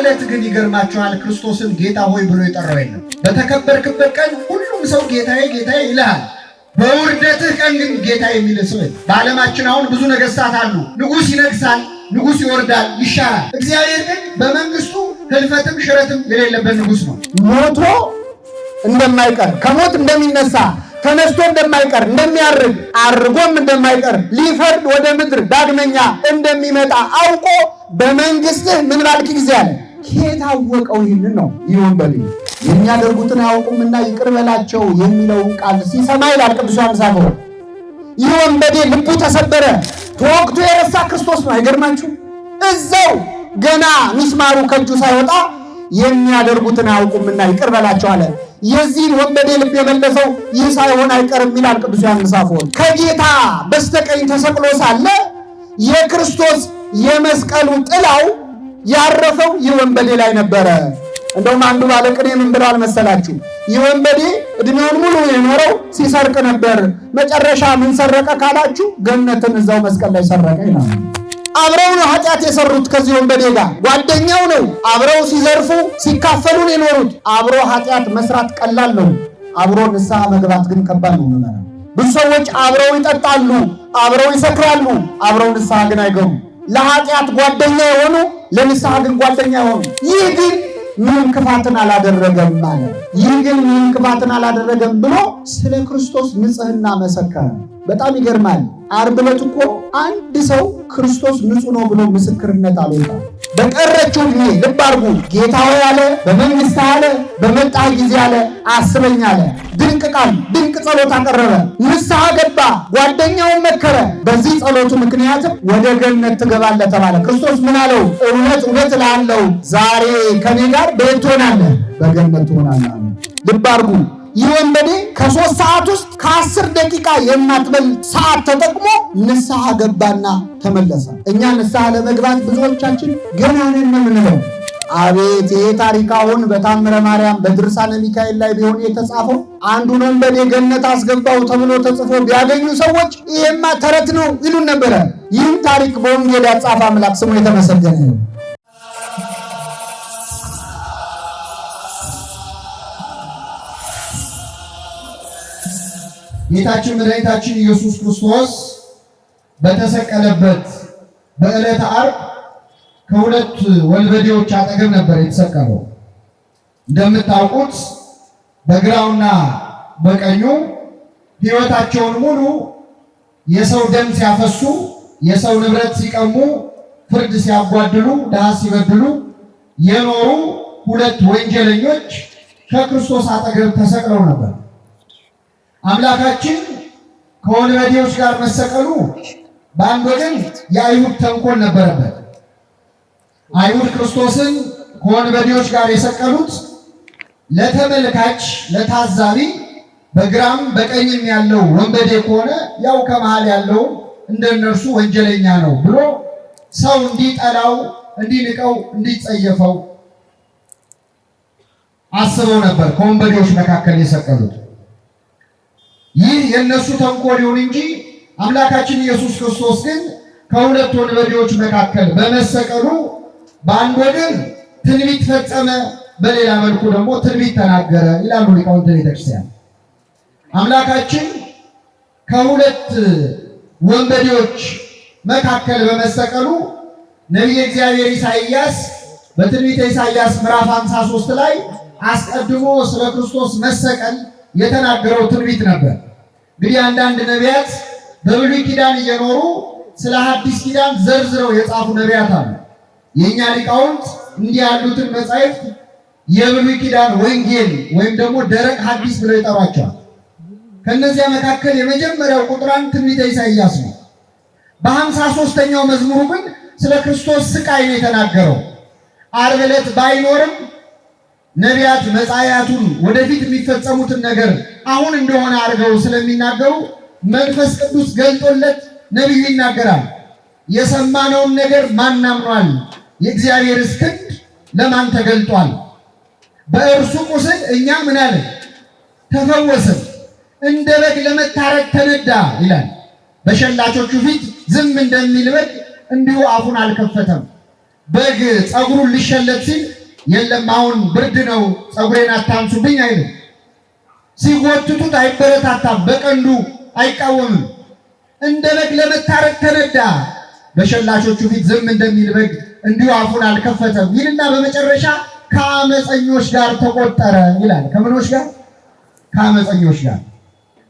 እለት ግን ይገርማችኋል፣ ክርስቶስን ጌታ ሆይ ብሎ የጠራው የለም። በተከበርክበት ቀን ሁሉም ሰው ጌታዬ ጌታዬ ይልሃል። በውርደትህ ቀን ግን ጌታ የሚል ሰው በዓለማችን አሁን ብዙ ነገስታት አሉ። ንጉሥ ይነግሳል፣ ንጉሥ ይወርዳል፣ ይሻራል። እግዚአብሔር ግን በመንግስቱ ህልፈትም ሽረትም የሌለበት ንጉሥ ነው። ሞቶ እንደማይቀር ከሞት እንደሚነሳ ተነስቶ እንደማይቀር እንደሚያርግ አርጎም እንደማይቀር ሊፈርድ ወደ ምድር ዳግመኛ እንደሚመጣ አውቆ በመንግስትህ ምን ባልክ ጊዜ አለ። የታወቀው ይህንን ነው። ይሁን በል የሚያደርጉትን አያውቁምና ይቅር በላቸው የሚለውን ቃል ሲሰማ ይላል ቅዱስ አምሳፈ ይህ ወንበዴ ልቡ ተሰበረ፣ ተወቅቱ የረሳ ክርስቶስ ነው። አይገርማችሁ? እዛው ገና ምስማሩ ከእጁ ሳይወጣ የሚያደርጉትን አያውቁምና ይቅር በላቸው አለ። የዚህን ወንበዴ ልብ የመለሰው ይህ ሳይሆን አይቀርም ይላል ቅዱስ ዮሐንስ አፈወርቅ። ከጌታ በስተቀኝ ተሰቅሎ ሳለ የክርስቶስ የመስቀሉ ጥላው ያረፈው ይህ ወንበዴ ላይ ነበረ። እንደውም አንዱ ባለቅኔ ምን ብሏል መሰላችሁ? ይህ ወንበዴ እድሜውን ሙሉ የኖረው ሲሰርቅ ነበር። መጨረሻ ምን ሰረቀ ካላችሁ፣ ገነትን እዛው መስቀል ላይ ሰረቀ ይላል። አብረው ነው ኃጢአት የሰሩት ከዚህ ወንበዴ ጋር ጓደኛው ነው። አብረው ሲዘርፉ ሲካፈሉን የኖሩት አብሮ ኃጢአት መስራት ቀላል ነው። አብሮ ንስሐ መግባት ግን ከባድ ነው። ምመራ ብዙ ሰዎች አብረው ይጠጣሉ፣ አብረው ይሰክራሉ፣ አብረው ንስሐ ግን አይገቡ። ለኃጢአት ጓደኛ የሆኑ ለንስሐ ግን ጓደኛ የሆኑ ይህ ግን ምንም ክፋትን አላደረገም ማለት ይህ ግን ምንም ክፋትን አላደረገም ብሎ ስለ ክርስቶስ ንጽህና መሰከረ። በጣም ይገርማል። ዓርብ ዕለት እኮ አንድ ሰው ክርስቶስ ንጹህ ነው ብሎ ምስክርነት አልወጣም። በቀረችው ጊዜ ልብ አድርጉ። ጌታ ሆይ አለ፣ በመንግስት አለ፣ በመጣ ጊዜ አለ፣ አስበኝ አለ። ድንቅ ቃል፣ ድንቅ ጸሎት አቀረበ። ንስሐ ገባ፣ ጓደኛውን መከረ። በዚህ ጸሎቱ ምክንያትም ወደ ገነት ትገባለ ተባለ። ክርስቶስ ምን አለው? እውነት እውነት እልሃለሁ ዛሬ ከኔ ጋር በየት ትሆናለህ? በገነት ትሆናለህ። ልብ አድርጉ። ይህ ወንበዴ ከሶስት ሰዓት ውስጥ ከአስር ደቂቃ የማትበል ሰዓት ተጠቅሞ ንስሐ ገባና ተመለሰ። እኛ ንስሐ ለመግባት ብዙዎቻችን ገና ነን የምንለው። አቤት ይሄ ታሪክ አሁን በታምረ ማርያም በድርሳነ ሚካኤል ላይ ቢሆን የተጻፈው አንዱን ወንበዴ ገነት አስገባው ተብሎ ተጽፎ ቢያገኙ ሰዎች ይሄማ ተረት ነው ይሉን ነበረ። ይህን ታሪክ በወንጌል ያጻፈ አምላክ ስሙ የተመሰገነ ነው። ጌታችን መድኃኒታችን ኢየሱስ ክርስቶስ በተሰቀለበት በዕለተ ዓርብ ከሁለት ወንበዴዎች አጠገብ ነበር የተሰቀለው። እንደምታውቁት በግራውና በቀኙ ሕይወታቸውን ሙሉ የሰው ደም ሲያፈሱ፣ የሰው ንብረት ሲቀሙ፣ ፍርድ ሲያጓድሉ፣ ድሃ ሲበድሉ የኖሩ ሁለት ወንጀለኞች ከክርስቶስ አጠገብ ተሰቅለው ነበር። አምላካችን ከወንበዴዎች ጋር መሰቀሉ በአንድ ወገን የአይሁድ ተንኮል ነበረበት። አይሁድ ክርስቶስን ከወንበዴዎች ጋር የሰቀሉት ለተመልካች ለታዛቢ በግራም በቀኝም ያለው ወንበዴ ከሆነ ያው ከመሃል ያለው እንደነርሱ ወንጀለኛ ነው ብሎ ሰው እንዲጠላው፣ እንዲንቀው፣ እንዲጸየፈው አስበው ነበር ከወንበዴዎች መካከል የሰቀሉት። ይህ የእነሱ ተንኮል ይሁን እንጂ አምላካችን ኢየሱስ ክርስቶስ ግን ከሁለት ወንበዴዎች መካከል በመሰቀሉ በአንድ ወገን ትንቢት ፈጸመ፣ በሌላ መልኩ ደግሞ ትንቢት ተናገረ ይላሉ ሊቃውንተ ቤተክርስቲያን። አምላካችን ከሁለት ወንበዴዎች መካከል በመሰቀሉ ነቢይ እግዚአብሔር ኢሳይያስ በትንቢተ ኢሳይያስ ምዕራፍ 53 ላይ አስቀድሞ ስለ ክርስቶስ መሰቀል የተናገረው ትንቢት ነበር። እንግዲህ አንዳንድ ነቢያት በብሉይ ኪዳን እየኖሩ ስለ ሐዲስ ኪዳን ዘርዝረው የጻፉ ነቢያት አሉ። የእኛ ሊቃውንት እንዲህ ያሉትን መጻሕፍት የብሉይ ኪዳን ወንጌል ወይም ደግሞ ደረቅ ሐዲስ ብለው ይጠሯቸዋል። ከእነዚያ መካከል የመጀመሪያው ቁጥር አንድ ትንቢተ ኢሳይያስ ነው። በሀምሳ ሦስተኛው መዝሙሩ ግን ስለ ክርስቶስ ስቃይ ነው የተናገረው። ዓርብ ዕለት ባይኖርም ነቢያት መጻያቱን ወደፊት የሚፈጸሙትን ነገር አሁን እንደሆነ አድርገው ስለሚናገሩ መንፈስ ቅዱስ ገልጦለት ነቢዩ ይናገራል። የሰማነውን ነገር ማን አምኗል? የእግዚአብሔርስ ክንድ ለማን ተገልጧል? በእርሱ ቁስል እኛ ምን አለ ተፈወስን፣ እንደ በግ ለመታረቅ ተነዳ ይላል። በሸላቾቹ ፊት ዝም እንደሚል በግ እንዲሁ አፉን አልከፈተም። በግ ፀጉሩን ሊሸለት ሲል የለም አሁን ብርድ ነው ፀጉሬን አታንሱብኝ አይልም። ሲጎትቱት አይበረታታም፣ በቀንዱ አይቃወምም። እንደ በግ ለመታረቅ ተነዳ። በሸላቾቹ ፊት ዝም እንደሚል በግ እንዲሁ አፉን አልከፈተም ይልና በመጨረሻ ከአመፀኞች ጋር ተቆጠረ ይላል። ከምኖች ጋር ከአመፀኞች ጋር።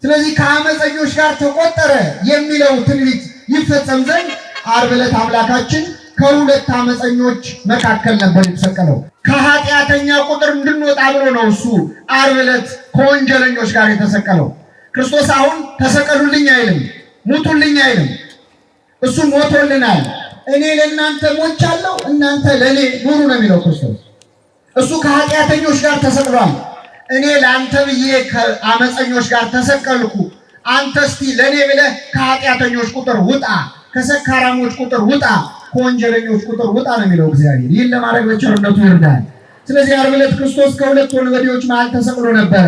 ስለዚህ ከአመፀኞች ጋር ተቆጠረ የሚለው ትንቢት ይፈጸም ዘንድ ዓርብ ዕለት አምላካችን ከሁለት አመፀኞች መካከል ነበር የተሰቀለው። ከኃጢአተኛ ቁጥር እንድንወጣ ብሎ ነው እሱ ዓርብ ዕለት ከወንጀለኞች ጋር የተሰቀለው። ክርስቶስ አሁን ተሰቀሉልኝ አይልም፣ ሙቱልኝ አይልም። እሱ ሞቶልናል። እኔ ለእናንተ ሞቻለሁ፣ እናንተ ለእኔ ኑሩ ነው የሚለው ክርስቶስ። እሱ ከኃጢአተኞች ጋር ተሰቅሏል። እኔ ለአንተ ብዬ ከአመፀኞች ጋር ተሰቀልኩ፣ አንተ እስቲ ለእኔ ብለህ ከኃጢአተኞች ቁጥር ውጣ፣ ከሰካራሞች ቁጥር ውጣ ከወንጀለኞች ቁጥር ውጣ ነው የሚለው እግዚአብሔር። ይህን ለማድረግ በቸርነቱ ይርዳል። ስለዚህ ዓርብ ዕለት ክርስቶስ ከሁለት ወንበዴዎች መሃል ተሰቅሎ ነበረ።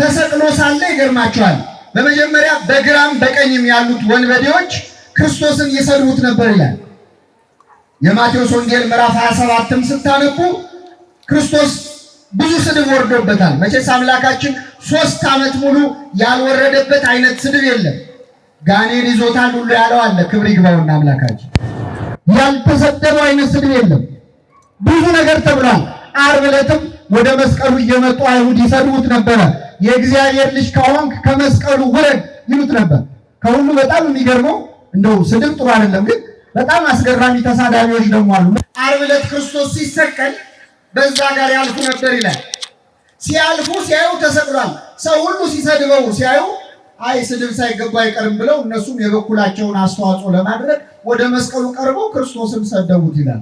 ተሰቅሎ ሳለ ይገርማቸዋል። በመጀመሪያ በግራም በቀኝም ያሉት ወንበዴዎች ክርስቶስን ይሰድቡት ነበር ይላል። የማቴዎስ ወንጌል ምዕራፍ 27ም ስታነቡ ክርስቶስ ብዙ ስድብ ወርዶበታል። መቼስ አምላካችን ሶስት ዓመት ሙሉ ያልወረደበት አይነት ስድብ የለም። ጋኔን ይዞታል ሁሉ ያለው አለ። ክብር ይግባውና አምላካችን ያልተሰደበው አይነት ስድብ የለም። ብዙ ነገር ተብሏል። ዓርብ ዕለትም ወደ መስቀሉ እየመጡ አይሁድ ይሰድቡት ነበረ። የእግዚአብሔር ልጅ ከሆንክ ከመስቀሉ ውረድ ይሉት ነበር። ከሁሉ በጣም የሚገርመው እንደው ስድብ ጥሩ አይደለም፣ ግን በጣም አስገራሚ ተሳዳቢዎች ደግሞ አሉ። ዓርብ ዕለት ክርስቶስ ሲሰቀል በዛ ጋር ያልፉ ነበር ይላል። ሲያልፉ ሲያዩ ተሰቅሏል። ሰው ሁሉ ሲሰድበው ሲያዩ አይ ስድብ ሳይገባ አይቀርም ብለው እነሱም የበኩላቸውን አስተዋጽኦ ለማድረግ ወደ መስቀሉ ቀርበው ክርስቶስን ሰደቡት ይላል።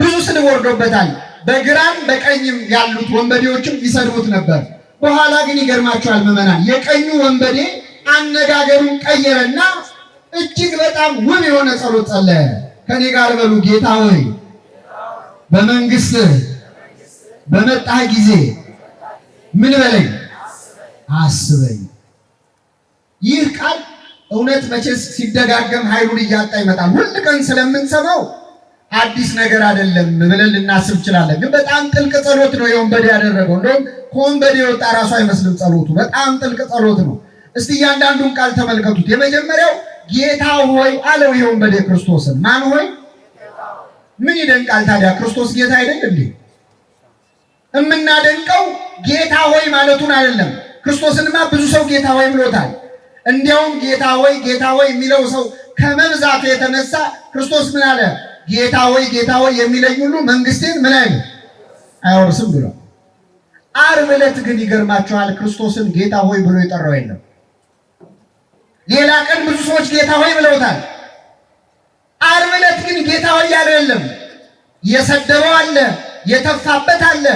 ብዙ ስድብ ወርዶበታል። በግራም በቀኝም ያሉት ወንበዴዎችም ይሰድቡት ነበር። በኋላ ግን ይገርማቸዋል ምዕመናን፣ የቀኙ ወንበዴ አነጋገሩን ቀየረና እጅግ በጣም ውብ የሆነ ጸሎት ጸለየ። ከኔ ጋር በሉ ጌታ ሆይ በመንግስትህ በመጣህ ጊዜ ምን በለኝ አስበኝ ይህ ቃል እውነት መቼስ ሲደጋገም ኃይሉን እያጣ ይመጣል። ሁል ቀን ስለምንሰማው አዲስ ነገር አይደለም ብለን ልናስብ እንችላለን። ግን በጣም ጥልቅ ጸሎት ነው የወንበዴ ያደረገው። እንደውም ከወንበዴ የወጣ ራሱ አይመስልም ጸሎቱ። በጣም ጥልቅ ጸሎት ነው። እስቲ እያንዳንዱን ቃል ተመልከቱት። የመጀመሪያው ጌታ ሆይ አለው የወንበዴ ክርስቶስን። ማን ሆይ? ምን ይደንቃል ታዲያ? ክርስቶስ ጌታ አይደል እንዴ? እምናደንቀው ጌታ ሆይ ማለቱን አይደለም። ክርስቶስንማ ብዙ ሰው ጌታ ሆይ ብሎታል። እንዲያውም ጌታ ወይ ጌታ ወይ የሚለው ሰው ከመብዛቱ የተነሳ ክርስቶስ ምን አለ? ጌታ ወይ ጌታ ወይ የሚለኝ ሁሉ መንግስቴን ምን አይል አይወርስም ብሎ ዓርብ ዕለት ግን ይገርማችኋል፣ ክርስቶስን ጌታ ሆይ ብሎ የጠራው የለም። ሌላ ቀን ብዙ ሰዎች ጌታ ሆይ ብለውታል። ዓርብ ዕለት ግን ጌታ ሆይ ያለ የለም። የሰደበው አለ፣ የተፋበት አለ፣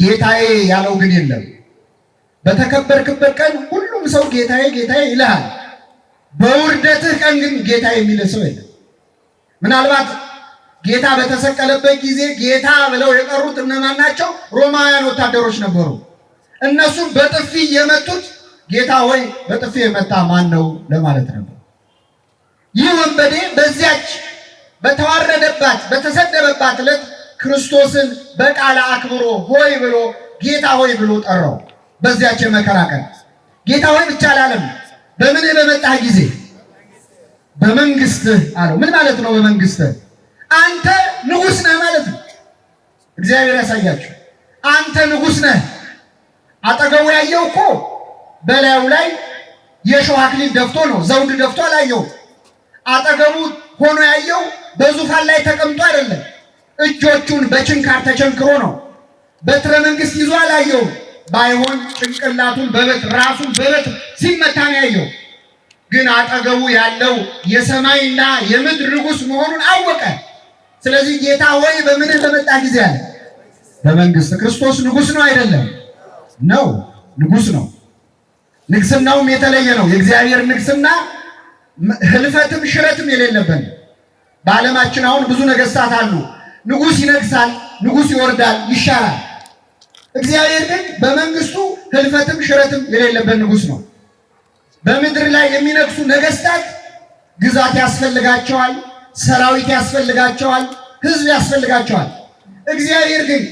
ጌታዬ ያለው ግን የለም። በተከበርክበት ቀን ሰው ጌታዬ ጌታዬ ይልሃል። በውርደትህ ቀን ግን ጌታ የሚል ሰው የለም። ምናልባት ጌታ በተሰቀለበት ጊዜ ጌታ ብለው የጠሩት እነማን ናቸው? ሮማውያን ወታደሮች ነበሩ። እነሱም በጥፊ የመቱት ጌታ ወይ በጥፊ የመታ ማን ነው ለማለት ነበር። ይህ ወንበዴ በዚያች በተዋረደባት በተሰደበባት ዕለት ክርስቶስን በቃለ አክብሮ ሆይ ብሎ ጌታ ሆይ ብሎ ጠራው። በዚያች የመከራ ቀን ጌታ ሆይ ብቻ አላለም። በምን በመጣህ ጊዜ በመንግስትህ አለው። ምን ማለት ነው? በመንግስትህ አንተ ንጉስ ነህ ማለት ነው። እግዚአብሔር ያሳያችሁ። አንተ ንጉስ ነህ። አጠገቡ ያየው እኮ በላዩ ላይ የሾህ አክሊል ደፍቶ ነው፣ ዘውድ ደፍቶ አላየው። አጠገቡ ሆኖ ያየው በዙፋን ላይ ተቀምጦ አይደለም፣ እጆቹን በችንካር ተቸንክሮ ነው። በትረ መንግስት ይዞ አላየው። ባይሆን ጭንቅላቱን በበት ራሱን በበት ሲመታ ነው ያየው። ግን አጠገቡ ያለው የሰማይና የምድር ንጉሥ መሆኑን አወቀ። ስለዚህ ጌታ ወይ በምን በመጣ ጊዜ አለ በመንግስት ክርስቶስ ንጉሥ ነው አይደለም? ነው ንጉሥ ነው። ንግስናውም የተለየ ነው። የእግዚአብሔር ንግስና ህልፈትም ሽረትም የሌለበት በዓለማችን አሁን ብዙ ነገስታት አሉ። ንጉሥ ይነግሳል፣ ንጉሥ ይወርዳል፣ ይሻላል እግዚአብሔር ግን በመንግስቱ ህልፈትም ሽረትም የሌለበት ንጉስ ነው። በምድር ላይ የሚነግሱ ነገስታት ግዛት ያስፈልጋቸዋል፣ ሰራዊት ያስፈልጋቸዋል፣ ህዝብ ያስፈልጋቸዋል። እግዚአብሔር ግን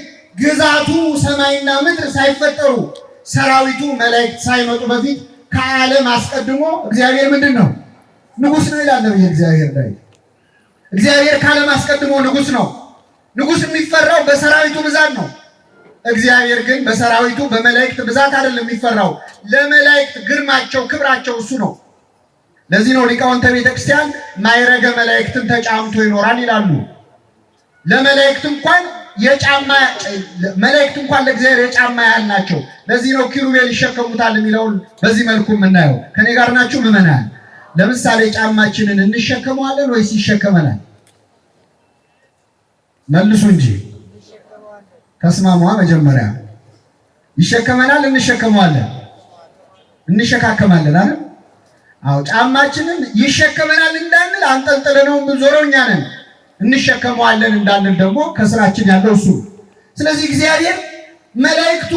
ግዛቱ ሰማይና ምድር ሳይፈጠሩ ሰራዊቱ መላእክት ሳይመጡ በፊት ከዓለም አስቀድሞ እግዚአብሔር ምንድን ነው? ንጉስ ነው ይላል ነብይ እግዚአብሔር ላይ እግዚአብሔር ከዓለም አስቀድሞ ንጉስ ነው። ንጉስ የሚፈራው በሰራዊቱ ብዛት ነው። እግዚአብሔር ግን በሰራዊቱ በመላእክት ብዛት አይደለም የሚፈራው፣ ለመላእክት ግርማቸው፣ ክብራቸው እሱ ነው። ለዚህ ነው ሊቃውንተ ክርስቲያን ማይረገ መላእክትን ተጫምቶ ይኖራል ይላሉ። ለመላእክት እንኳን የጫማ መላእክት እንኳን ለእግዚአብሔር የጫማ ያህል ናቸው። ለዚህ ነው ኪሩቤል ይሸከሙታል የሚለውን በዚህ መልኩ የምናየው። ከኔ ጋር ናችሁ ምዕመናን? ለምሳሌ ጫማችንን እንሸከመዋለን ወይስ ይሸከመናል? መልሱ እንጂ ተስማማ። መጀመሪያ ይሸከመናል፣ እንሸከመዋለን፣ እንሸካከማለን አይደል? አዎ ጫማችንን ይሸከመናል እንዳንል አንጠልጥለነው ዞሮኛ ነን እንሸከመዋለን እንዳንል ደግሞ ከስራችን ያለው እሱ። ስለዚህ እግዚአብሔር መላእክቱ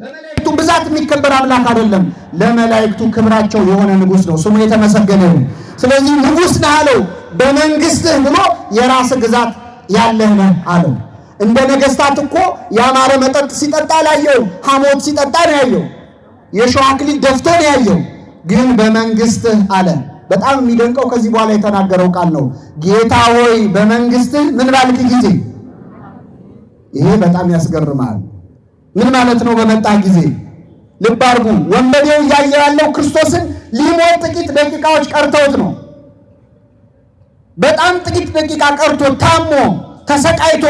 በመላእክቱ ብዛት የሚከበር አምላክ አይደለም። ለመላእክቱ ክብራቸው የሆነ ንጉስ ነው፣ ስሙ የተመሰገነ ነው። ስለዚህ ንጉስ ነህ አለው በመንግስትህ ብሎ የራስ ግዛት ያለህ ነህ አለው። እንደ ነገስታት እኮ ያማረ መጠጥ ሲጠጣ አላየውም። ሐሞት ሲጠጣ ነው ያየው። የሸዋ አክሊል ደፍቶ ነው ያየው። ግን በመንግስትህ አለ። በጣም የሚደንቀው ከዚህ በኋላ የተናገረው ቃል ነው። ጌታ ሆይ በመንግስትህ ምን ባልክ ጊዜ ይሄ በጣም ያስገርማል። ምን ማለት ነው? በመጣ ጊዜ ልብ አድርጉ። ወንበዴው እያየ ያለው ክርስቶስን ሊሞት ጥቂት ደቂቃዎች ቀርተውት ነው። በጣም ጥቂት ደቂቃ ቀርቶ ታሞ ተሰቃይቶ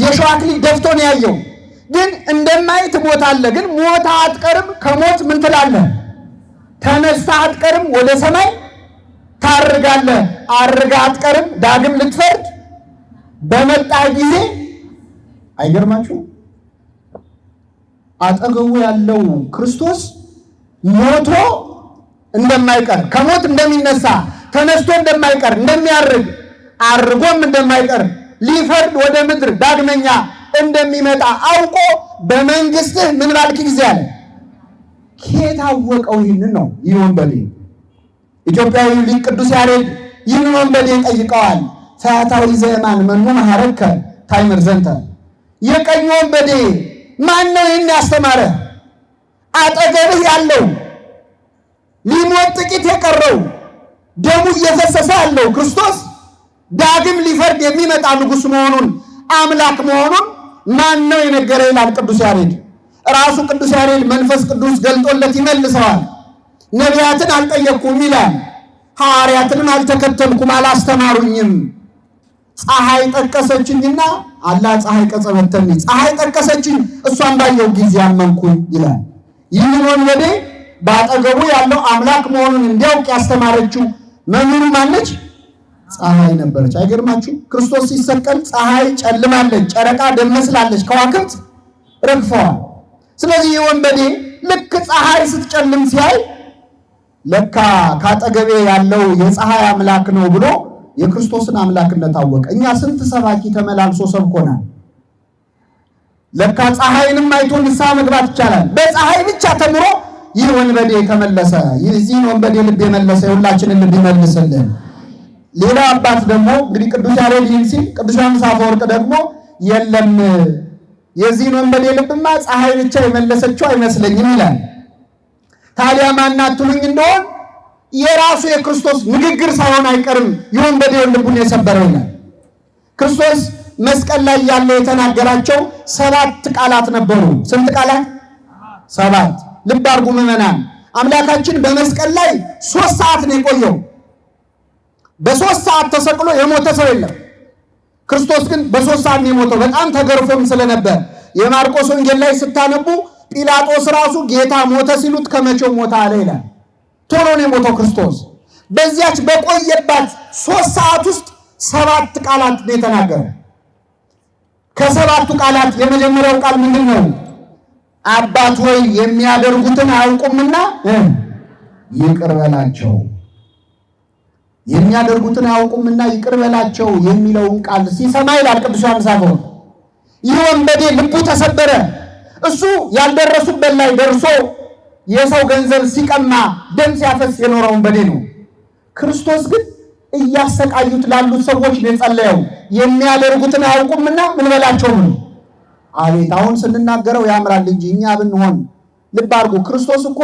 የሸዋት ልጅ ደፍቶ ነው ያየው። ግን እንደማይ ትሞታለህ፣ ግን ሞታ አትቀርም። ከሞት ምን ትላለህ? ተነሳ አትቀርም። ወደ ሰማይ ታርጋለህ። አርጋ አትቀርም። ዳግም ልትፈርድ በመጣ ጊዜ አይገርማችሁ? አጠገቡ ያለው ክርስቶስ ሞቶ እንደማይቀር ከሞት እንደሚነሳ ተነስቶ እንደማይቀር እንደሚያርግ አርጎም እንደማይቀር ሊፈርድ ወደ ምድር ዳግመኛ እንደሚመጣ አውቆ በመንግስትህ ምን ባልክ ጊዜ አለ። ከየት አወቀው? ይህንን ነው ይህ ወንበዴ። ኢትዮጵያዊ ሊቅ ቅዱስ ያሬድ ይህንን ወንበዴ ጠይቀዋል። ፈያታዊ ዘየማን መኑ መሐረከ ታይምር ዘንተ፣ የቀኝ ወንበዴ ማን ነው? ይህን ያስተማረ አጠገብህ ያለው ሊሞት ጥቂት የቀረው ደሙ እየፈሰሰ ያለው ክርስቶስ ዳግም ሊፈርድ የሚመጣ ንጉሥ መሆኑን አምላክ መሆኑን ማን ነው የነገረ ይላል ቅዱስ ያሬድ። ራሱ ቅዱስ ያሬድ መንፈስ ቅዱስ ገልጦለት ይመልሰዋል። ነቢያትን አልጠየቅኩም ይላል። ሐዋርያትንም አልተከተልኩም፣ አላስተማሩኝም። ፀሐይ ጠቀሰችኝና አላ ፀሐይ ቀጸበተኒ ፀሐይ ጠቀሰችኝ፣ እሷን ባየው ጊዜ አመንኩኝ ይላል። ይህን ወንበዴ በአጠገቡ ያለው አምላክ መሆኑን እንዲያውቅ ያስተማረችው መምህሩ ማነች? ፀሐይ ነበረች። አይገርማችሁ? ክርስቶስ ሲሰቀል ፀሐይ ጨልማለች፣ ጨረቃ ደመስላለች ከዋክብት ረግፈዋል። ስለዚህ ይህ ወንበዴ ልክ ፀሐይ ስትጨልም ሲያይ ለካ ካጠገቤ ያለው የፀሐይ አምላክ ነው ብሎ የክርስቶስን አምላክነት አወቀ። እኛ ስንት ሰባኪ ተመላልሶ ሰብኮናል። ለካ ፀሐይንም አይቶ ንስሐ መግባት ይቻላል። በፀሐይ ብቻ ተምሮ ይህ ወንበዴ ተመለሰ። የዚህን ወንበዴ ልብ የመለሰ የሁላችንን ልብ ይመልስልን። ሌላ አባት ደግሞ እንግዲህ ቅዱስ ያሬድ ይህን ሲል ቅዱስ ዮሐንስ አፈወርቅ ደግሞ የለም የዚህን ወንበዴ ልብማ ፀሐይ ብቻ የመለሰችው አይመስለኝም ይላል። ታዲያ ማናትሉኝ እንደሆን የራሱ የክርስቶስ ንግግር ሳይሆን አይቀርም የወንበዴውን ልቡን የሰበረው ይላል። ክርስቶስ መስቀል ላይ ያለ የተናገራቸው ሰባት ቃላት ነበሩ። ስንት ቃላት? ሰባት። ልብ አድርጉ ምዕመናን፣ አምላካችን በመስቀል ላይ ሶስት ሰዓት ነው የቆየው። በሶስት ሰዓት ተሰቅሎ የሞተ ሰው የለም። ክርስቶስ ግን በሶስት ሰዓት ነው የሞተው። በጣም ተገርፎም ስለነበር የማርቆስ ወንጌል ላይ ስታነቡ ጲላጦስ ራሱ ጌታ ሞተ ሲሉት ከመቼው ሞተ አለ ይላል። ቶሎ ነው የሞተው ክርስቶስ። በዚያች በቆየባት ሶስት ሰዓት ውስጥ ሰባት ቃላት ነው የተናገረው። ከሰባቱ ቃላት የመጀመሪያው ቃል ምንድን ነው? አባት ወይ የሚያደርጉትን አያውቁምና ይቅር በላቸው የሚያደርጉትን አያውቁምና ይቅር በላቸው የሚለውን ቃል ሲሰማ ይላል ቅዱስ ዮሐንስ አፈወርቅ ይህ ወንበዴ ልቡ ተሰበረ። እሱ ያልደረሱበት ላይ ደርሶ የሰው ገንዘብ ሲቀማ ደም ሲያፈስ የኖረ ወንበዴ ነው። ክርስቶስ ግን እያሰቃዩት ላሉት ሰዎች ነው የጸለየው። የሚያደርጉትን አያውቁምና ምን በላቸው ነው። አቤት አሁን ስንናገረው ያምራል እንጂ እኛ ብንሆን ልብ አድርጉ። ክርስቶስ እኮ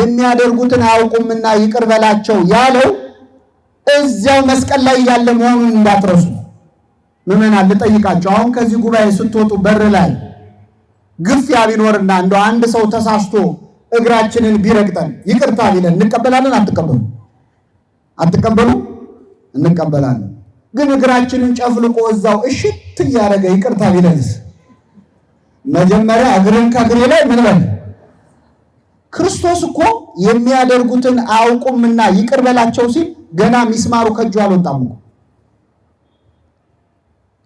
የሚያደርጉትን አያውቁምና ይቅር በላቸው ያለው እዚያው መስቀል ላይ ያለ መሆኑን እንዳትረሱ። ምዕመናን ልጠይቃቸው፣ አሁን ከዚህ ጉባኤ ስትወጡ በር ላይ ግፊያ ቢኖርና እንደ አንድ ሰው ተሳስቶ እግራችንን ቢረግጠን ይቅርታ ቢለን እንቀበላለን? አትቀበሉ? አትቀበሉ? እንቀበላለን። ግን እግራችንን ጨፍልቆ እዛው እሽት እያደረገ ይቅርታ ቢለንስ? መጀመሪያ እግርን ከእግሬ ላይ ምን በል። ክርስቶስ እኮ የሚያደርጉትን አያውቁምና ይቅር በላቸው ሲል ገና ሚስማሩ ከእጁ አልወጣም እኮ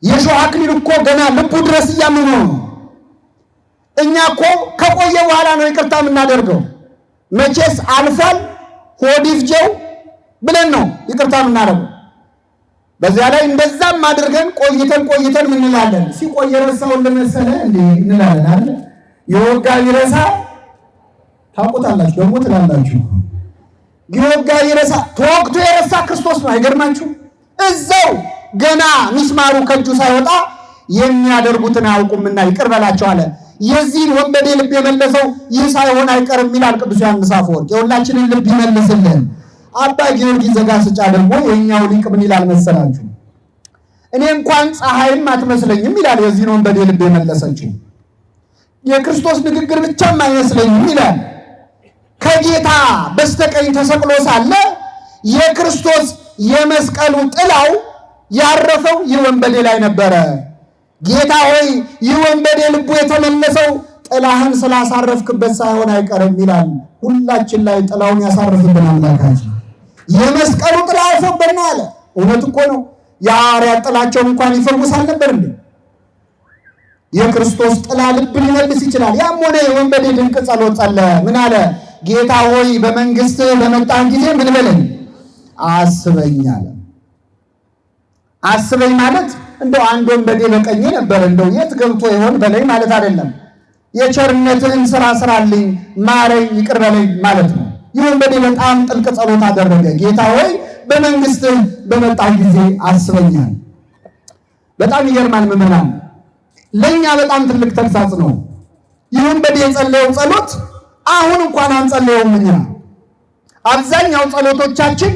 የሾህ አክሊል እኮ ገና ልቡ ድረስ እያመመው ነው። እኛ እኮ ከቆየ በኋላ ነው ይቅርታ የምናደርገው። መቼስ አልፏል ሆድ ይፍጀው ብለን ነው ይቅርታ የምናደርገው። በዚያ ላይ እንደዛም አድርገን ቆይተን ቆይተን እንላለን። ሲቆይ ረሳው ለመሰለ እንዴ እንላለን። አለ የወጋ ይረሳ ታውቁታላችሁ፣ ደግሞ ትላላችሁ ይወጋ ይረሳ ተወግቶ የረሳ ክርስቶስ ነው። አይገርማችሁ? እዛው ገና ሚስማሩ ከእጁ ሳይወጣ የሚያደርጉትን አያውቁምና ይቅር በላቸው አለ። የዚህን ወንበዴ ልብ የመለሰው ይህ ሳይሆን አይቀርም ይላል ቅዱስ ዮሐንስ አፈወርቅ። የሁላችንን ልብ ይመልስልን። አባ ጊዮርጊስ ዘጋስጫ ደግሞ የእኛው ሊቅ ምን ይላል መሰላችሁ? እኔ እንኳን ፀሐይም አትመስለኝም ይላል። የዚህን ወንበዴ ልብ የመለሰችው የክርስቶስ ንግግር ብቻም አይመስለኝም ይላል። ከጌታ በስተቀኝ ተሰቅሎ ሳለ የክርስቶስ የመስቀሉ ጥላው ያረፈው ይህ ወንበዴ ላይ ነበረ። ጌታ ሆይ ይህ ወንበዴ ልቡ የተመለሰው ጥላህን ስላሳረፍክበት ሳይሆን አይቀርም ይላል። ሁላችን ላይ ጥላውን ያሳረፍብን አምላካችን። የመስቀሉ ጥላ አርፎብን አለ። እውነት እኮ ነው። የሐዋርያት ጥላቸው እንኳን ይፈውስ አልነበር እንዴ? የክርስቶስ ጥላ ልብ ሊመልስ ይችላል። ያም ሆነ የወንበዴ ድንቅ ጸሎት ጸለ። ምን አለ? ጌታ ሆይ በመንግስት በመጣን ጊዜ ምን በለን አስበኝ አለ። አስበኝ ማለት እንደው አንድ ወንበዴ በቀኝ ነበር እንደው የት ገብቶ ይሆን በለኝ ማለት አይደለም። የቸርነትህን ስራ ስራልኝ፣ ማረኝ፣ ይቅር በለኝ ማለት ነው። ይህ ወንበዴ በጣም ጥልቅ ጸሎት አደረገ። ጌታ ሆይ በመንግስትህ በመጣን ጊዜ አስበኛል። በጣም ይገርማል ምዕመናን፣ ለእኛ በጣም ትልቅ ተግሳጽ ነው። ይህ ወንበዴ የጸለየው ጸሎት አሁን እንኳን አንጸለየውም። እኛ አብዛኛው ጸሎቶቻችን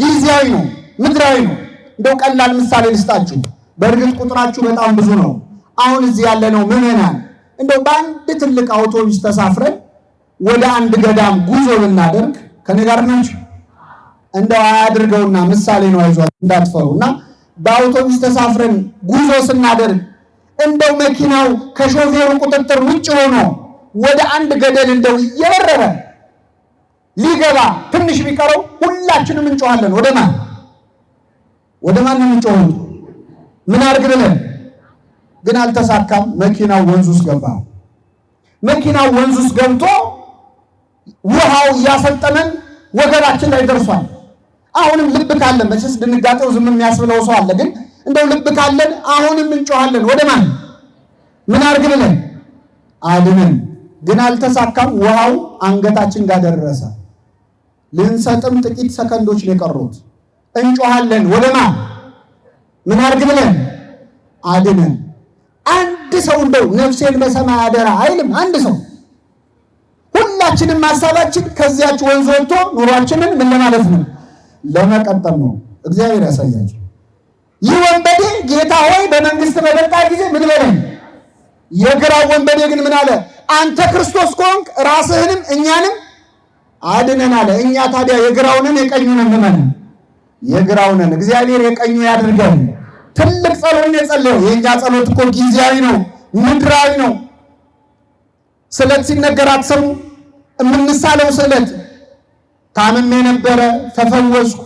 ጊዜያዊ ነው፣ ምድራዊ ነው። እንደው ቀላል ምሳሌ ልስጣችሁ። በእርግጥ ቁጥራችሁ በጣም ብዙ ነው። አሁን እዚህ ያለነው ምዕመናን እንደው በአንድ ትልቅ አውቶቡስ ተሳፍረን ወደ አንድ ገዳም ጉዞ ብናደርግ ከኔ ጋር ናችሁ? እንደው አያድርገውና ምሳሌ ነው፣ አይዟት እንዳትፈሩ እና በአውቶቡስ ተሳፍረን ጉዞ ስናደርግ እንደው መኪናው ከሾፌሩ ቁጥጥር ውጭ ሆኖ ወደ አንድ ገደል እንደው እየበረረ ሊገባ ትንሽ ቢቀረው ሁላችንም እንጮሃለን። ወደ ማን ወደ ማን የምንጮኸው? ምን አድርግ ብለን ግን አልተሳካም። መኪናው ወንዝ ውስጥ ገባ። መኪናው ወንዝ ውስጥ ገብቶ ውሃው እያሰጠመን ወገባችን ላይ ደርሷል። አሁንም ልብ ካለን መቼስ ድንጋጤው ዝም የሚያስብለው ሰው አለ። ግን እንደው ልብ ካለን አሁንም እንጮሃለን። ወደ ማን ምን አድርግ ብለን አድነን ግን አልተሳካም። ውሃው አንገታችን ጋር ደረሰ። ልንሰጥም ጥቂት ሰከንዶች ነው የቀሩት። እንጮሃለን ወደ ምን አድርግ ብለን አድነን። አንድ ሰው እንደው ነፍሴን በሰማይ አደራ አይልም። አንድ ሰው ሁላችንም ሀሳባችን ከዚያች ወንዝ ወጥቶ ኑሯችንን ምን ለማለት ነው ለመቀጠል ነው። እግዚአብሔር ያሳያቸው። ይህ ወንበዴ ጌታ ሆይ በመንግስት በመጣ ጊዜ ምን በለን። የግራው ወንበዴ ግን ምን አለ? አንተ ክርስቶስ ኮንክ ራስህንም እኛንም አድነን አለ። እኛ ታዲያ የግራውንን የቀኙንን ምመን የግራውንን እግዚአብሔር የቀኙ ያድርገን። ትልቅ ጸሎት ነው የጸለየው። የእኛ ጸሎት እኮ ጊዜያዊ ነው፣ ምድራዊ ነው። ስለት ሲነገር አትሰሙ። የምንሳለው ስለት ታምሜ ነበረ፣ ተፈወስኩ።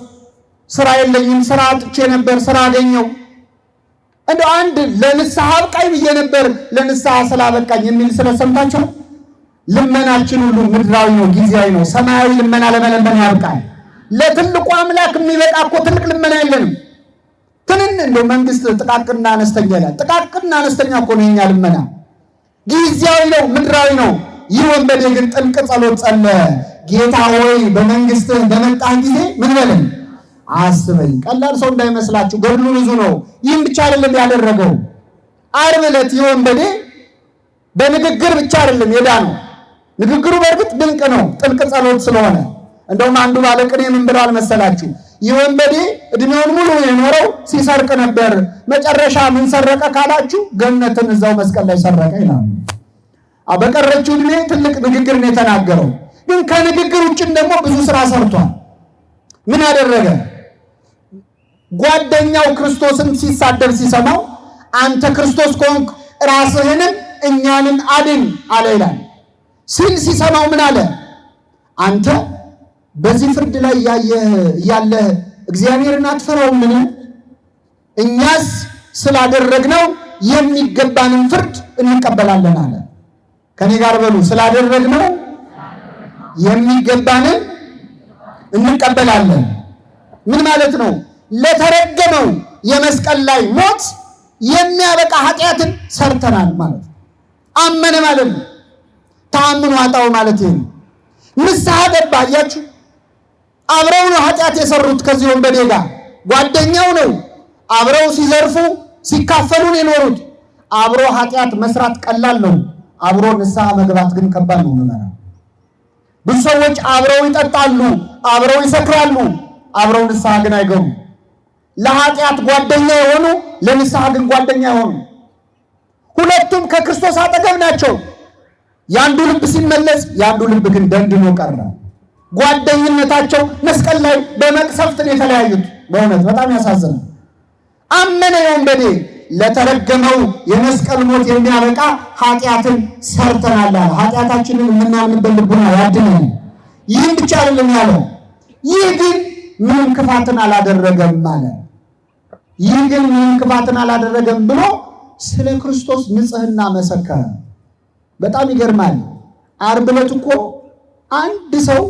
ስራ የለኝም፣ ስራ አጥቼ ነበር፣ ስራ አገኘው እንደ አንድ ለንስሐ አብቃኝ ብዬ ነበር ለንስሐ ስላበቃኝ የሚል ስለሰምታችሁ፣ ልመናችን ሁሉ ምድራዊ ነው፣ ጊዜያዊ ነው። ሰማያዊ ልመና ለመለመን ያብቃል። ለትልቁ አምላክ የሚበቃ እኮ ትልቅ ልመና የለንም። ትንን እንደ መንግስት ጥቃቅንና አነስተኛ ይላል። አነስተኛ እኮ ነው የኛ ልመና። ጊዜያዊ ነው፣ ምድራዊ ነው። ይህ ወንበዴ ግን ጥልቅ ጸሎት ጸለ ጌታ ሆይ በመንግስት በመጣን ጊዜ ምን በለን አስበኝ። ቀላል ሰው እንዳይመስላችሁ፣ ገድሉ ብዙ ነው። ይህም ብቻ አይደለም ያደረገው። ዓርብ ዕለት ይህ ወንበዴ በንግግር ብቻ አይደለም ነው። ንግግሩ በእርግጥ ድንቅ ነው፣ ጥልቅ ጸሎት ስለሆነ። እንደውም አንዱ ባለቅኔ ምን ብሏል መሰላችሁ? ይህ ወንበዴ እድሜውን ሙሉ የኖረው ሲሰርቅ ነበር። መጨረሻ ምን ሰረቀ ካላችሁ፣ ገነትን እዛው መስቀል ላይ ሰረቀ ይላል። በቀረችው እድሜ ትልቅ ንግግር ነው የተናገረው። ግን ከንግግር ውጭም ደግሞ ብዙ ስራ ሰርቷል። ምን አደረገ? ጓደኛው ክርስቶስን ሲሳደብ ሲሰማው አንተ ክርስቶስ ከሆንክ ራስህንም እኛንን አድን አለ ይላል። ሲል ሲሰማው ምን አለ? አንተ በዚህ ፍርድ ላይ ያለህ እግዚአብሔርን ምን እኛስ ስላደረግነው የሚገባንን ፍርድ እንቀበላለን አለ። ከኔ ጋር በሉ ስላደረግነው የሚገባንን እንቀበላለን። ምን ማለት ነው? ለተረገመው የመስቀል ላይ ሞት የሚያበቃ ኃጢአትን ሰርተናል ማለት አመነ ማለት ነው። ተአምኖ አጣው ማለት ይሄ ንስሐ ገባ። አያችሁ፣ አብረው ነው ኃጢአት የሰሩት ከዚህ ወንበዴ ጋር ጓደኛው ነው። አብረው ሲዘርፉ ሲካፈሉን የኖሩት አብሮ ኃጢአት መስራት ቀላል ነው። አብሮ ንስሐ መግባት ግን ከባድ ነው። ምመና ብዙ ሰዎች አብረው ይጠጣሉ፣ አብረው ይሰክራሉ፣ አብረው ንስሐ ግን አይገቡም። ለኃጢአት ጓደኛ የሆኑ ለንስሐ ግን ጓደኛ የሆኑ ሁለቱም ከክርስቶስ አጠገብ ናቸው። የአንዱ ልብ ሲመለስ፣ የአንዱ ልብ ግን ደንድኖ ቀረ። ጓደኝነታቸው መስቀል ላይ በመቅሰፍት ነው የተለያዩት። በእውነት በጣም ያሳዝናል። አመነ የወንበዴ ለተረገመው የመስቀል ሞት የሚያበቃ ኃጢአትን ሰርተናል አለ። ኃጢአታችንን የምናምንበት ልቡና ያድነን። ይህም ብቻ አይደለም ያለው፣ ይህ ግን ምንም ክፋትን አላደረገም ማለት ይህ ግን ይህን ክፋትን አላደረገም ብሎ ስለ ክርስቶስ ንጽህና መሰከረ። በጣም ይገርማል። ዓርብ ዕለት እኮ አንድ ሰው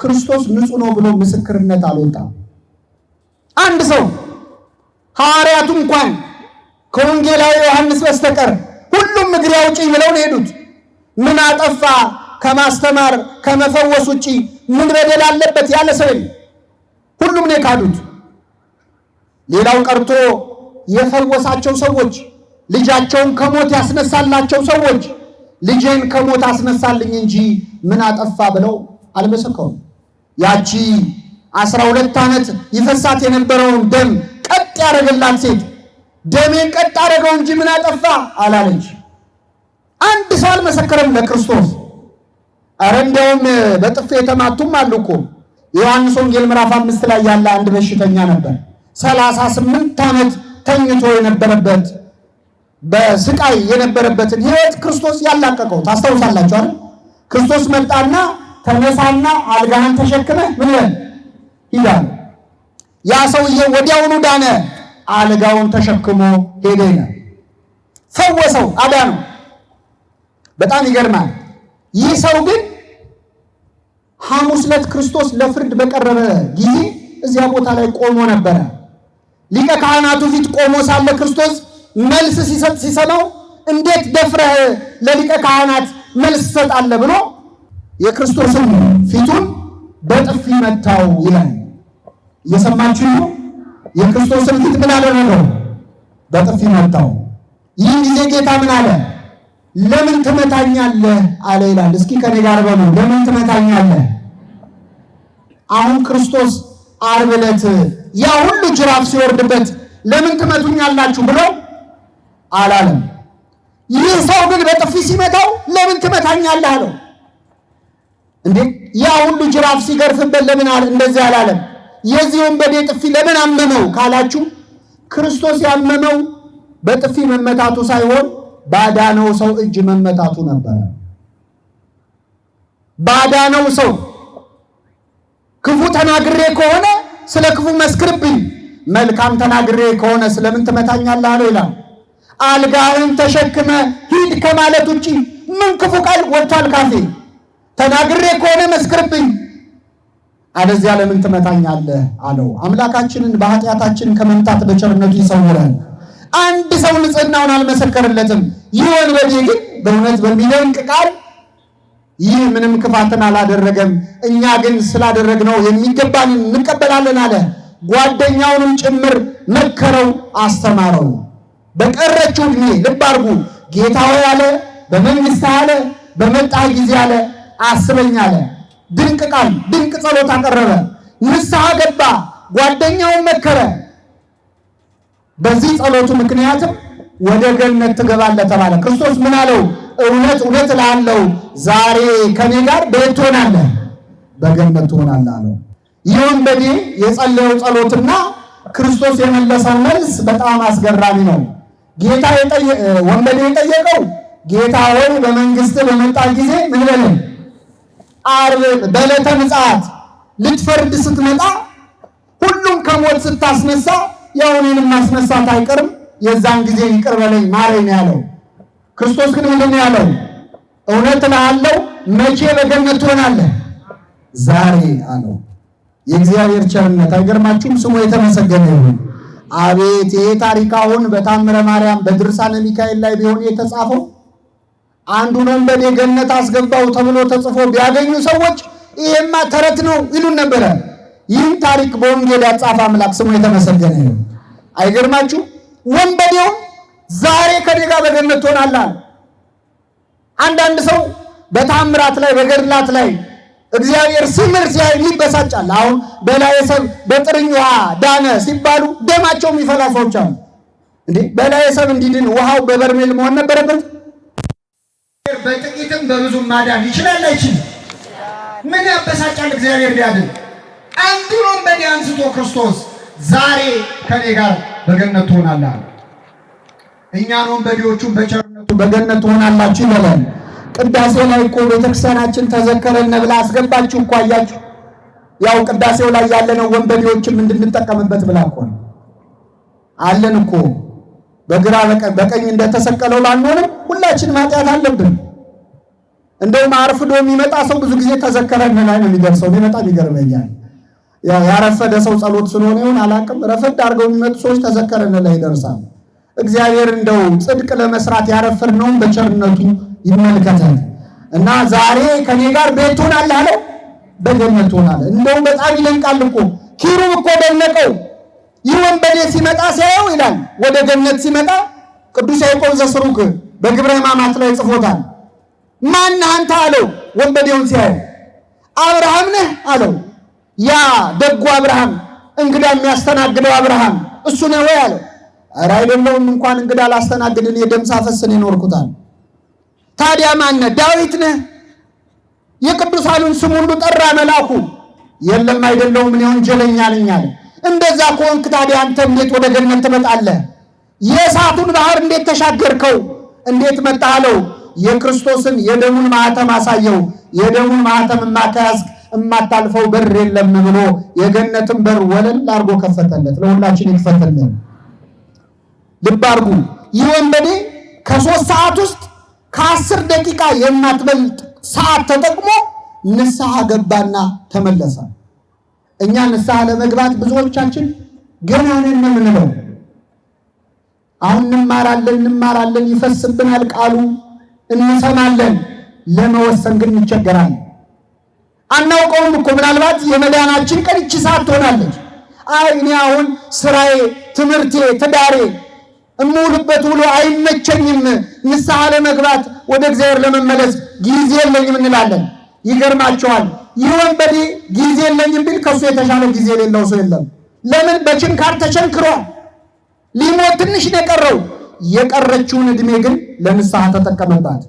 ክርስቶስ ንጹህ ነው ብሎ ምስክርነት አልወጣም። አንድ ሰው ሐዋርያቱ እንኳን ከወንጌላዊ ዮሐንስ በስተቀር ሁሉም እግሬ አውጪኝ ብለውን ሄዱት። ምን አጠፋ ከማስተማር ከመፈወስ ውጪ ምን በደል አለበት ያለ ሰው ሁሉም ነው የካዱት። ሌላው ቀርቶ የፈወሳቸው ሰዎች፣ ልጃቸውን ከሞት ያስነሳላቸው ሰዎች ልጄን ከሞት አስነሳልኝ እንጂ ምን አጠፋ ብለው አልመሰከሩም። ያቺ አስራ ሁለት ዓመት ይፈሳት የነበረውን ደም ቀጥ ያደረገላት ሴት ደሜን ቀጥ አደረገው እንጂ ምን አጠፋ አላለች። አንድ ሰው አልመሰከረም ለክርስቶስ። አረ እንደውም በጥፍ የተማቱም አሉ እኮ። የዮሐንስ ወንጌል ምዕራፍ አምስት ላይ ያለ አንድ በሽተኛ ነበር። ሰላሳ ስምንት ዓመት ተኝቶ የነበረበት በስቃይ የነበረበትን ህይወት ክርስቶስ ያላቀቀው ታስታውሳላችሁ አይደል? ክርስቶስ መጣና ተነሳና አልጋህን ተሸክመ ምን ይላል ይላል። ያ ሰውዬ ወዲያውኑ ዳነ፣ አልጋውን ተሸክሞ ሄደ ይላል። ፈወሰው፣ አዳነው። በጣም ይገርማል። ይህ ሰው ግን ሐሙስ ዕለት ክርስቶስ ለፍርድ በቀረበ ጊዜ እዚያ ቦታ ላይ ቆሞ ነበረ። ሊቀ ካህናቱ ፊት ቆሞ ሳለ ክርስቶስ መልስ ሲሰጥ ሲሰማው እንዴት ደፍረህ ለሊቀ ካህናት መልስ ትሰጣለህ ብሎ የክርስቶስን ፊቱን በጥፊ መታው ይላል። እየሰማችሁ የክርስቶስን ፊት ምን አደረገው? በጥፊ መታው። ይህ ጊዜ ጌታ ምን አለ? ለምን ትመታኛለህ አለ ይላል። እስኪ ከኔ ጋር በሉ፣ ለምን ትመታኛለህ? አሁን ክርስቶስ ዓርብ ዕለት ያ ሁሉ ጅራፍ ሲወርድበት ለምን ትመቱኛላችሁ ብሎ አላለም። ይህ ሰው ግን በጥፊ ሲመታው ለምን ትመታኛለህ አለው። እንዴ ያ ሁሉ ጅራፍ ሲገርፍበት ለምን እንደዚህ አላለም? የዚሁም በዴ ጥፊ ለምን አመመው ካላችሁ ክርስቶስ ያመመው በጥፊ መመታቱ ሳይሆን ባዳነው ሰው እጅ መመታቱ ነበረ። ባዳነው ሰው ክፉ ተናግሬ ከሆነ ስለ ክፉ መስክርብኝ፣ መልካም ተናግሬ ከሆነ ስለምን ትመታኛለህ አለው ይላል። አልጋህን ተሸክመ ሂድ ከማለት ውጪ ምን ክፉ ቃል ወጥቷል ካፌ? ተናግሬ ከሆነ መስክርብኝ፣ አለዚያ ለምን ትመታኛለህ አለው። አምላካችንን በኃጢአታችን ከመምታት በቸርነቱ ይሰውረን። አንድ ሰው ንጽህናውን አልመሰከርለትም። ይህ ወንበዴ ግን በእውነት በሚደንቅ ቃል ይህ ምንም ክፋትን አላደረገም፣ እኛ ግን ስላደረግነው የሚገባን እንቀበላለን አለ። ጓደኛውንም ጭምር መከረው፣ አስተማረው። በቀረችው ዕድሜ ልብ አድርጉ፣ ጌታ ሆይ አለ፣ በመንግስት አለ፣ በመጣ ጊዜ አለ፣ አስበኝ አለ። ድንቅ ቃል፣ ድንቅ ጸሎት አቀረበ፣ ንስሐ ገባ፣ ጓደኛውን መከረ። በዚህ ጸሎቱ ምክንያትም ወደ ገነት ትገባለህ ተባለ። ክርስቶስ ምን አለው? እውነት እውነት ላለው ዛሬ ከኔ ጋር በየት ትሆናለህ? በገነት ትሆናለህ አለው። ይህ ወንበዴ የጸለየው ጸሎትና ክርስቶስ የመለሰው መልስ በጣም አስገራሚ ነው። ጌታ ወንበዴ የጠየቀው ጌታ ሆይ በመንግስት በመጣ ጊዜ ምን በለን አርብ በዕለተ ምጽአት ልትፈርድ ስትመጣ ሁሉም ከሞት ስታስነሳ ያው እኔንም ማስነሳት አይቀርም፣ የዛን ጊዜ ይቅር በለኝ ማረኝ ያለው ክርስቶስ ግን ምንድን ነው ያለው? እውነት እልሃለሁ መቼ በገነት ትሆናለህ? ዛሬ አለው። የእግዚአብሔር ቸርነት አይገርማችሁም? ስሙ የተመሰገነ ይሁን። አቤት ይሄ ታሪክ አሁን በታምረ ማርያም በድርሳነ ሚካኤል ላይ ቢሆን የተጻፈው አንዱን ወንበዴ ገነት አስገባው ተብሎ ተጽፎ ቢያገኙ ሰዎች ይሄማ ተረት ነው ይሉን ነበረ። ይህን ታሪክ በወንጌል ያጻፈ አምላክ ስሙ የተመሰገነ ይሁን። አይገርማችሁ ወንበዴውም? ዛሬ ከኔ ጋር በገነት ትሆናለህ። አንዳንድ ሰው በታምራት ላይ በገድላት ላይ እግዚአብሔር ሲምር ሲያይ ይበሳጫል። አሁን በላዔሰብ በጥርኝ ውሃ ዳነ ሲባሉ ደማቸው የሚፈላ ሰዎች አሉ። እንዴ በላዔሰብ እንዲድን ውሃው በበርሜል መሆን ነበረበት? በጥቂትም በብዙም ማዳን ይችላል አይችልም? ምን ያበሳጫል? እግዚአብሔር ሊያድን አንዱን ወንበዴ አንስቶ ክርስቶስ ዛሬ ከኔ ጋር በገነት ትሆናለህ እኛን ወንበዴዎቹን በቸርነቱ በገነት ሆናላችሁ ይበላል። ቅዳሴ ላይ እኮ ቤተክርስቲያናችን ተዘከረነ ብላ አስገባችሁ እኮ አያችሁ። ያው ቅዳሴው ላይ ያለነው ወንበዴዎችም እንድንጠቀምበት ብላ እኮ ነው አለን እኮ በግራ በቀኝ እንደተሰቀለው ላንሆንም ሁላችንም ማጥያት አለብን። እንደውም አርፍዶ የሚመጣ ሰው ብዙ ጊዜ ተዘከረነ ላይ ነው የሚደርሰው። ቢመጣ ይገርመኛል። ያረፈደ ሰው ጸሎት ስለሆነ ይሁን አላቅም፣ ረፈድ አድርገው የሚመጡ ሰዎች ተዘከረነ ላይ ይደርሳል። እግዚአብሔር እንደው ጽድቅ ለመስራት ያረፈርነውን በቸርነቱ ይመልከታል እና ዛሬ ከኔ ጋር ቤት ትሆናለህ አለ። በገነት ትሆናለህ። እንደውም በጣም ይለንቃል እኮ ኪሩብ እኮ ደነቀው። ይህ ወንበዴ ሲመጣ ሲያየው ይላል ወደ ገነት ሲመጣ ቅዱስ ያዕቆብ ዘስሩግ በግብረ ሕማማት ላይ ጽፎታል። ማን አንተ አለው ወንበዴውን ሲያየው። አብርሃም ነህ አለው። ያ ደጉ አብርሃም፣ እንግዳ የሚያስተናግደው አብርሃም እሱ ነው ወይ አለው እረ አይደለውም እንኳን እንግዳ አላስተናግድን የደም ሳፈስን ይኖርኩታል። ታዲያ ማነ ዳዊት ነህ? የቅዱሳኑን ስም ሁሉ ጠራ መልአኩ። የለም አይደለሁም እኔ ወንጀለኛ ነኝ አለ። እንደዛ ከሆንክ ታዲያ አንተ እንዴት ወደ ገነት ትመጣለህ? የእሳቱን ባህር እንዴት ተሻገርከው? እንዴት መጣህ አለው። የክርስቶስን የደሙን ማዕተም አሳየው። የደሙን ማኅተም የማትያዝ የማታልፈው በር የለም ብሎ የገነትን በር ወለል አድርጎ ከፈተለት። ለሁላችን ይክፈትልን። ልብ አድርጉ። ይህ ወንበዴ ከሶስት ሰዓት ውስጥ ከአስር ደቂቃ የማትበልጥ ሰዓት ተጠቅሞ ንስሐ ገባና ተመለሰ። እኛ ንስሐ ለመግባት ብዙዎቻችን ገና ነን የምንለው። አሁን እንማራለን እንማራለን፣ ይፈስብናል ቃሉ፣ እንሰማለን። ለመወሰን ግን እንቸገራለን። አናውቀውም እኮ ምናልባት የመዳናችን ቀን ይቺ ሰዓት ትሆናለች። አይ እኔ አሁን ስራዬ፣ ትምህርቴ፣ ትዳሬ እምውልበት ውሎ አይመቸኝም፣ ንስሐ ለመግባት ወደ እግዚአብሔር ለመመለስ ጊዜ የለኝም እንላለን። ይገርማቸዋል። ይህ ወንበዴ ጊዜ የለኝም ቢል ከእሱ የተሻለ ጊዜ የሌለው ሰው የለም። ለምን? በችንካር ተቸንክሯል። ሊሞት ትንሽ ነው የቀረው። የቀረችውን እድሜ ግን ለንስሐ ተጠቀመባት።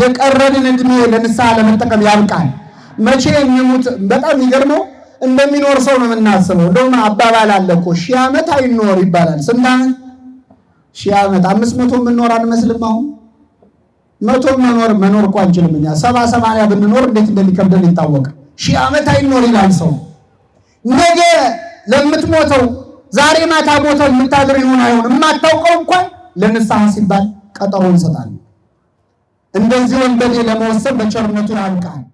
የቀረንን እድሜ ለንስሐ ለመጠቀም ያብቃል። መቼ የሚሞት በጣም የሚገርመው እንደሚኖር ሰው ነው የምናስበው። እንደውም አባባል አለ እኮ ሺህ ዓመት አይኖር ይባላል። ስንት ዓመት ሺህ ዓመት አምስት መቶ የምንኖር አንመስልም። አሁን መቶ መኖር መኖር እኮ አንችልም እኛ ሰባ ሰማንያ ብንኖር እንዴት እንደሚከብደን ይታወቅ። ሺህ ዓመት አይኖር ይላል ሰው። ነገ ለምትሞተው ዛሬ ማታ ሞተ የምታድር ይሆን አይሆን የማታውቀው እንኳን ለንስሐ ሲባል ቀጠሮ እንሰጣለን። እንደዚህ ወንበዴ ለመወሰን በቸርነቱ ያብቃል።